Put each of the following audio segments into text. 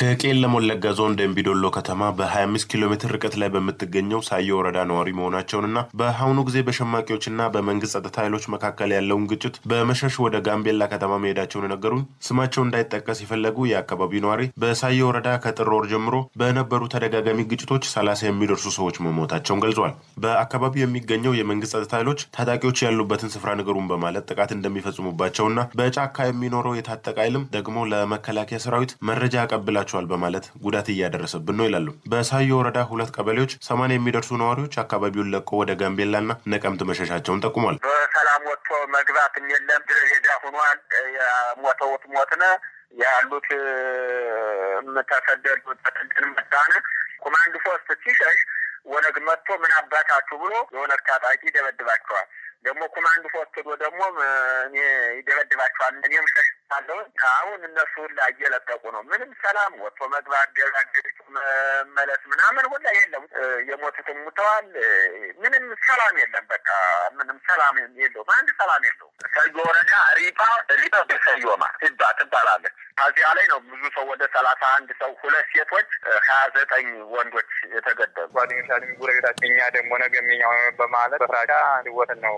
ከቄለም ወለጋ ዞን ደንቢዶሎ ከተማ በ25 ኪሎ ሜትር ርቀት ላይ በምትገኘው ሳየ ወረዳ ነዋሪ መሆናቸውንና በአሁኑ ጊዜ በሸማቂዎችና በመንግስት ጸጥታ ኃይሎች መካከል ያለውን ግጭት በመሸሽ ወደ ጋምቤላ ከተማ መሄዳቸውን የነገሩኝ ስማቸው እንዳይጠቀስ የፈለጉ የአካባቢው ነዋሪ በሳየ ወረዳ ከጥር ወር ጀምሮ በነበሩ ተደጋጋሚ ግጭቶች ሰላሳ የሚደርሱ ሰዎች መሞታቸውን ገልጿል። በአካባቢው የሚገኘው የመንግስት ጸጥታ ኃይሎች ታጣቂዎች ያሉበትን ስፍራ ንገሩን በማለት ጥቃት እንደሚፈጽሙባቸውና በጫካ የሚኖረው የታጠቀ ኃይልም ደግሞ ለመከላከያ ሰራዊት መረጃ አቀብላቸው ይገባቸዋል በማለት ጉዳት እያደረሰብን ነው ይላሉ። በሳዮ ወረዳ ሁለት ቀበሌዎች ሰማንያ የሚደርሱ ነዋሪዎች አካባቢውን ለቆ ወደ ጋምቤላና ነቀምት መሸሻቸውን ጠቁሟል። በሰላም ወጥቶ መግባትም የለም ድረዳ ሁኗል። ሞተውት ሞትነ ያሉት ተሰደዱ ተሰደን መጣነ ኮማንድ ፖስት ሲሸሽ ወነግ መጥቶ ምን አባታችሁ ብሎ የወነግ ታጣቂ ደበድባቸዋል። ደግሞ ኮማንድ ፖስት ደግሞ እኔ ይደበድባቸዋል እኔም ሸሽታለሁ። አሁን እነሱ ሁላ እየለቀቁ ነው። ምንም ሰላም ወጥቶ መግባት ገዛገሪቱ መመለስ ምናምን ሁላ የለም። የሞቱትም ሙተዋል። ምንም ሰላም የለም። በቃ ምንም ሰላም የለውም። አንድ ሰላም የለውም። ሰዮ ወረዳ ሪባ ሪባ በሰዮማ ህባ ትባላለች። ከዚያ ላይ ነው ብዙ ሰው ወደ ሰላሳ አንድ ሰው ሁለት ሴቶች ሀያ ዘጠኝ ወንዶች የተገደ ጓደኞቻችን፣ ጉረቤታችን እኛ ደግሞ ነገ የሚኛው በማለት በፍራቻ እንዲወትን ነው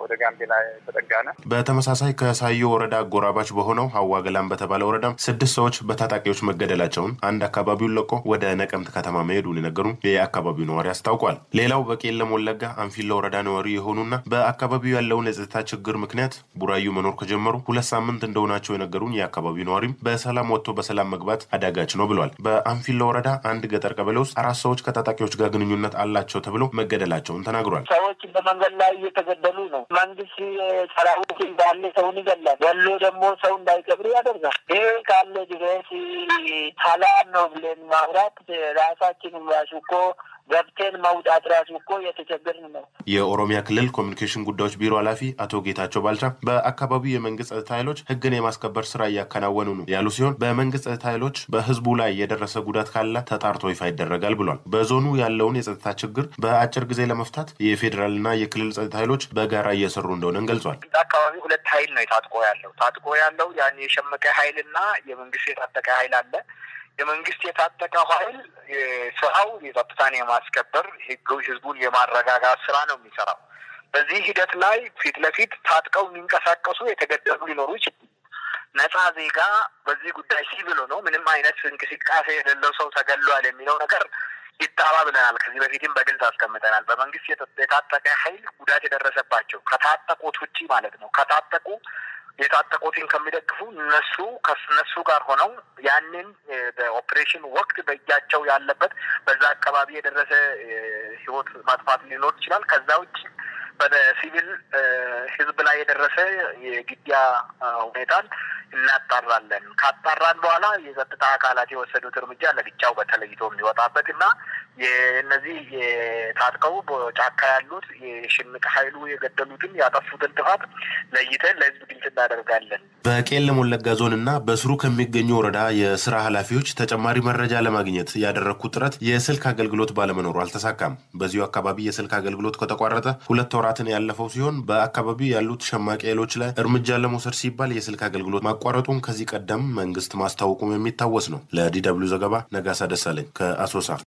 ወደ ጋምቤላ የተጠጋነ። በተመሳሳይ ከሳዮ ወረዳ አጎራባች በሆነው ሀዋ ገላም በተባለ ወረዳ ስድስት ሰዎች በታጣቂዎች መገደላቸውን አንድ አካባቢውን ለቆ ወደ ነቀምት ከተማ መሄዱን የነገሩ የአካባቢው ነዋሪ አስታውቋል። ሌላው በቄለም ወለጋ አንፊላ ወረዳ ነዋሪ የሆኑና በአካባቢው ያለውን የጸጥታ ችግር ምክንያት ቡራዩ መኖር ከጀመሩ ሁለት ሳምንት እንደሆናቸው የነገሩን የአካባቢው ነዋሪም በሰላም ወጥቶ በሰላም መግባት አዳጋች ነው ብሏል። በአንፊላ ወረዳ አንድ ገጠር ቀበሌ ውስጥ አራት ሰዎች ከታጣቂ ታጣቂዎች ጋር ግንኙነት አላቸው ተብሎ መገደላቸውን ተናግሯል። ሰዎች በመንገድ ላይ እየተገደሉ ነው። መንግስት ሰራዊት እንዳለ ሰውን ይገላል፣ ገሎ ደግሞ ሰው እንዳይቀብር ያደርጋል። ይህ ካለ ድረስ ሰላም ነው ብለን ማውራት ራሳችን ራሱ እኮ ገብተን መውጣት ራሱ እኮ የተቸገርን ነው። የኦሮሚያ ክልል ኮሚኒኬሽን ጉዳዮች ቢሮ ኃላፊ አቶ ጌታቸው ባልቻ በአካባቢው የመንግስት ጸጥታ ኃይሎች ህግን የማስከበር ስራ እያከናወኑ ነው ያሉ ሲሆን በመንግስት ጸጥታ ኃይሎች በህዝቡ ላይ የደረሰ ጉዳት ካለ ተጣርቶ ይፋ ይደረጋል ብሏል። በዞኑ ያለውን የጸጥታ ችግር በአጭር ጊዜ ለመፍታት የፌዴራልና የክልል ጸጥታ ኃይሎች በጋራ እየሰሩ እንደሆነን ገልጿል። አካባቢ ሁለት ኃይል ነው ታጥቆ ያለው ታጥቆ ያለው ያን የሸመቀ ኃይልና የመንግስት የታጠቀ ኃይል አለ የመንግስት የታጠቀ ኃይል ስራው የጸጥታን የማስከበር ህዝቡን የማረጋጋት ስራ ነው የሚሰራው። በዚህ ሂደት ላይ ፊት ለፊት ታጥቀው የሚንቀሳቀሱ የተገደሉ ሊኖሩ ይችላል። ነጻ ዜጋ በዚህ ጉዳይ ሲቪል ነው ምንም አይነት እንቅስቃሴ የሌለው ሰው ተገሏል የሚለው ነገር ይጣራ ብለናል። ከዚህ በፊትም በግልጽ አስቀምጠናል። በመንግስት የታጠቀ ኃይል ጉዳት የደረሰባቸው ከታጠቁት ውጭ ማለት ነው ከታጠቁ የታጠቁትን ከሚደግፉ እነሱ ከነሱ ጋር ሆነው ያንን በኦፕሬሽን ወቅት በእጃቸው ያለበት በዛ አካባቢ የደረሰ ህይወት ማጥፋት ሊኖር ይችላል። ከዛ ውጭ በሲቪል ህዝብ ላይ የደረሰ የግድያ ሁኔታን እናጣራለን። ካጣራን በኋላ የጸጥታ አካላት የወሰዱት እርምጃ ለብቻው በተለይቶ የሚወጣበት እና የእነዚህ የታጥቀው በጫካ ያሉት የሽምቅ ኃይሉ የገደሉትን ያጠፉትን ጥፋት ለይተን ለህዝብ ግልጽ እናደርጋለን። በቄለም ወለጋ ዞን እና በስሩ ከሚገኙ ወረዳ የስራ ኃላፊዎች ተጨማሪ መረጃ ለማግኘት ያደረግኩት ጥረት የስልክ አገልግሎት ባለመኖሩ አልተሳካም። በዚሁ አካባቢ የስልክ አገልግሎት ከተቋረጠ ሁለት ወራትን ያለፈው ሲሆን በአካባቢው ያሉት ሸማቂ ኃይሎች ላይ እርምጃ ለመውሰድ ሲባል የስልክ አገልግሎት ማቋረጡን ከዚህ ቀደም መንግስት ማስታወቁም የሚታወስ ነው። ለዲ ዘገባ ነጋሳ ደሳለኝ ከአሶሳ